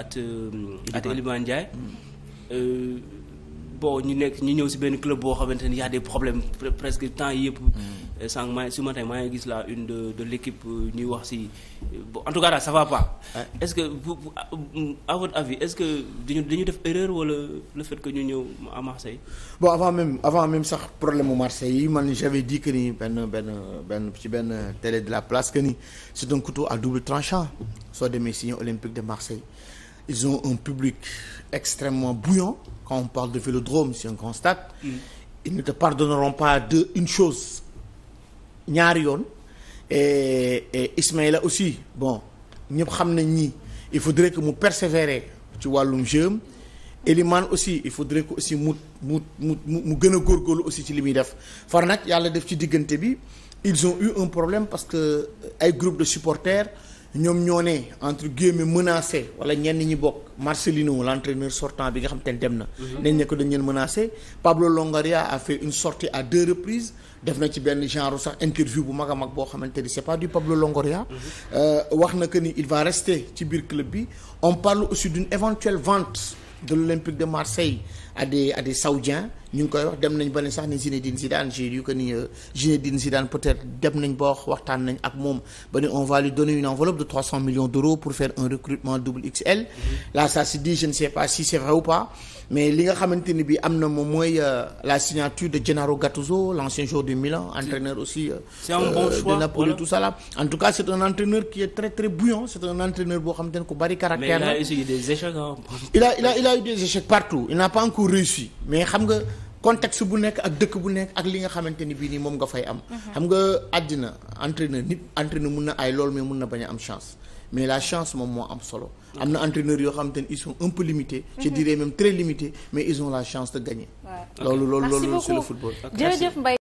Um, at at Elimane Ndiaye euh, ñu nekk ñu ñëw si benn club boo xamante ni de a des problèmes presque temps yëpp mm. euh, sànq maa su ma tey maa ngi gis la une de de l'équipe euh, ñuy wax si bon en tout cas daal ça va pas est-ce que à votre avis est-ce que dañu dañu def erreur wala le fait que ñu ñëw à Marseille bon avant même avant même sax problème mu Marseille yi man j'avais dit que ni benn benn benn ci benn télé de la place que ni c'est un couteau à double tranchant soo demee si Olympique de Marseille ils ont un public extrêmement bouillant. Quand on parle de vélodrome, si on constate, mm. ils ne te pardonneront pas de une chose, ñaari yoon. et et Ismaïla aussi bon ñëpp xam nañ ni il faut faudrait que mu persévérer ci wàllum jeu Eliman aussi il faudrait ko aussi mu mu mu mu gën góor góorlu aussi ci li muy def far nag yàlla def ci diggante bi ils ont eu un problème parce que euh, ay groupe de supporters. ñoom ñoo ne entre guillemets menacé wala ñeen ñi bokk Marcelino l'entraîneur sortant bi nga xam te dem na. Mhm. nañ ne ko dañ leen menacé Pablo Longoria a fait une sortie à deux reprises def na ci benn genre sax interview bu mag a mag boo xamante ni c'est pas du Pablo Longoria. Mhm. Euh, wax na que ni il va rester ci biir club bi on parle aussi d'une éventuelle vente de l'Olympique de Marseille a des à des Saoudiens. ñu ngi koy wax dem nañ ba ne sax ni Zinedine Zidane j'ai lu que ni euh, Zinedine Zidane peut-être dem nañ ba wax waxtaan nañ ak moom ba ne on va lui donner une enveloppe de millions d'euros pour faire un recrutement double XL mm-hmm. là ça se dit je ne sais pas am na moom mooy euh, la de Gennaro Gattuso l'ancien joueur du Milan entraîneur aussi euh, de Napoli tout ça là en tout cas c'est un entraîneur qui est très très bouillant c'est un entraîneur boo xamante ne ku bari caractère il a il a il a contexte bu nekk ak dëkk bu nekk ak li nga xamante ni bii nii moom nga fay am. Mhm. xam nga àddina entraîneur nit entraîneur mun na ay lool mais mun na bañ am chance mais la chance moom moo am solo. am na entraîneurs yoo xamante ni ils sont un peu limités. je mhm. dirais même très limités mais ils ont la chance de gagner. loolu loolu loolu c'est le football. jërëjëf Mbaye